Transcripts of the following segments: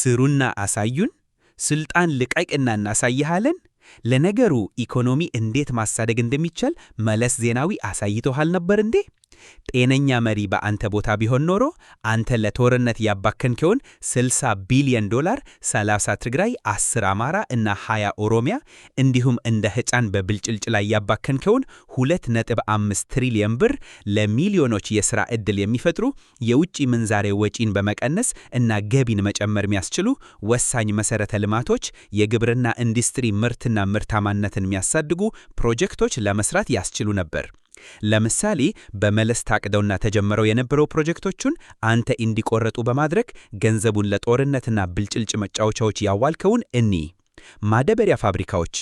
ስሩና አሳዩን፣ ስልጣን ልቀቅና እናሳይሃለን። ለነገሩ ኢኮኖሚ እንዴት ማሳደግ እንደሚቻል መለስ ዜናዊ አሳይቶሃል ነበር እንዴ? ጤነኛ መሪ በአንተ ቦታ ቢሆን ኖሮ አንተ ለጦርነት ያባከንከውን 60 ቢሊዮን ዶላር 30 ትግራይ፣ 10 አማራ እና 20 ኦሮሚያ እንዲሁም እንደ ሕፃን በብልጭልጭ ላይ ያባከንከውን 2.5 ትሪሊዮን ብር ለሚሊዮኖች የሥራ ዕድል የሚፈጥሩ የውጭ ምንዛሬ ወጪን በመቀነስ እና ገቢን መጨመር የሚያስችሉ ወሳኝ መሠረተ ልማቶች፣ የግብርና ኢንዱስትሪ ምርትና ምርታማነትን የሚያሳድጉ ፕሮጀክቶች ለመስራት ያስችሉ ነበር። ለምሳሌ በመለስ ታቅደውና ተጀምረው የነበረው ፕሮጀክቶቹን አንተ እንዲቆረጡ በማድረግ ገንዘቡን ለጦርነትና ብልጭልጭ መጫወቻዎች ያዋልከውን እኒ ማዳበሪያ ፋብሪካዎች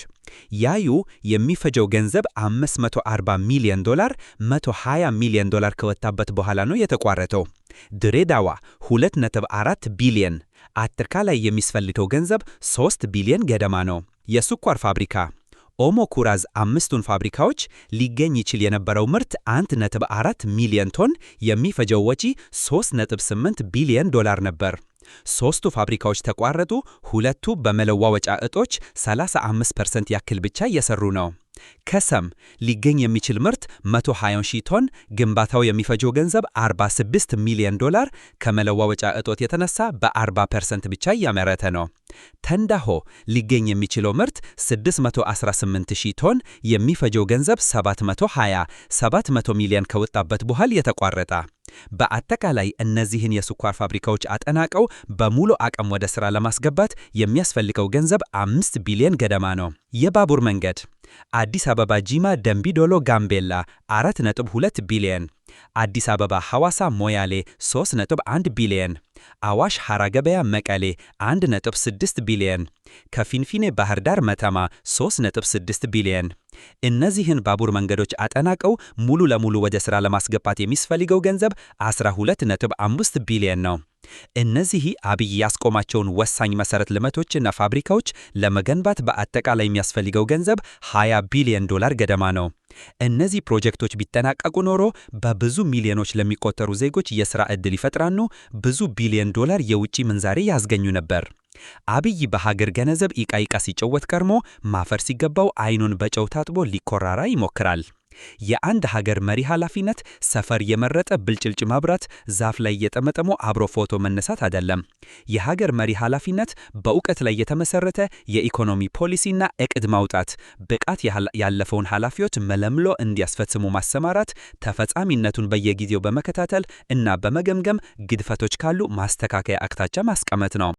ያዩ የሚፈጀው ገንዘብ 540 ሚሊዮን ዶላር 120 ሚሊዮን ዶላር ከወጣበት በኋላ ነው የተቋረጠው። ድሬዳዋ 2.4 ቢሊዮን፣ ላይ የሚስፈልገው ገንዘብ 3 ቢሊዮን ገደማ ነው። የስኳር ፋብሪካ ኦሞኩራዝ አምስቱን ፋብሪካዎች ሊገኝ ይችል የነበረው ምርት 1.4 ሚሊዮን ቶን የሚፈጀው ወጪ 3.8 ቢሊዮን ዶላር ነበር። ሦስቱ ፋብሪካዎች ተቋረጡ። ሁለቱ በመለዋወጫ እጦች 35 ፐርሰንት ያክል ብቻ እየሰሩ ነው። ከሰም ሊገኝ የሚችል ምርት 120 ሺህ ቶን፣ ግንባታው የሚፈጀው ገንዘብ 46 ሚሊዮን ዶላር፣ ከመለዋወጫ እጦት የተነሳ በ40% ብቻ እያመረተ ነው። ተንዳሆ ሊገኝ የሚችለው ምርት 618 ሺህ ቶን፣ የሚፈጀው ገንዘብ 720 700 ሚሊዮን ከወጣበት በኋላ የተቋረጠ። በአጠቃላይ እነዚህን የስኳር ፋብሪካዎች አጠናቀው በሙሉ አቅም ወደ ሥራ ለማስገባት የሚያስፈልገው ገንዘብ 5 ቢሊዮን ገደማ ነው። የባቡር መንገድ አዲስ አበባ ጂማ ደንቢ ዶሎ ጋምቤላ 4.2 ቢሊየን፣ አዲስ አበባ ሐዋሳ ሞያሌ 3.1 ቢሊየን፣ አዋሽ ሐራገበያ ገበያ መቀሌ 1.6 ቢሊየን፣ ከፊንፊኔ ባህር ዳር መተማ 3.6 ቢሊየን። እነዚህን ባቡር መንገዶች አጠናቀው ሙሉ ለሙሉ ወደ ሥራ ለማስገባት የሚስፈልገው ገንዘብ 12.5 ቢሊየን ነው። እነዚህ አብይ ያስቆማቸውን ወሳኝ መሰረት ልማቶችና ፋብሪካዎች ለመገንባት በአጠቃላይ የሚያስፈልገው ገንዘብ 20 ቢሊዮን ዶላር ገደማ ነው። እነዚህ ፕሮጀክቶች ቢጠናቀቁ ኖሮ በብዙ ሚሊዮኖች ለሚቆጠሩ ዜጎች የሥራ ዕድል ይፈጥራሉ፣ ብዙ ቢሊዮን ዶላር የውጭ ምንዛሬ ያስገኙ ነበር። አብይ በሀገር ገንዘብ ዕቃ ዕቃ ሲጨወት ከርሞ ማፈር ሲገባው አይኑን በጨው ታጥቦ ሊኮራራ ይሞክራል። የአንድ ሀገር መሪ ኃላፊነት ሰፈር የመረጠ ብልጭልጭ ማብራት፣ ዛፍ ላይ እየጠመጠሙ አብሮ ፎቶ መነሳት አይደለም። የሀገር መሪ ኃላፊነት በእውቀት ላይ የተመሰረተ የኢኮኖሚ ፖሊሲና እቅድ ማውጣት፣ ብቃት ያለፈውን ኃላፊዎች መለምሎ እንዲያስፈጽሙ ማሰማራት፣ ተፈጻሚነቱን በየጊዜው በመከታተል እና በመገምገም ግድፈቶች ካሉ ማስተካከያ አቅጣጫ ማስቀመጥ ነው።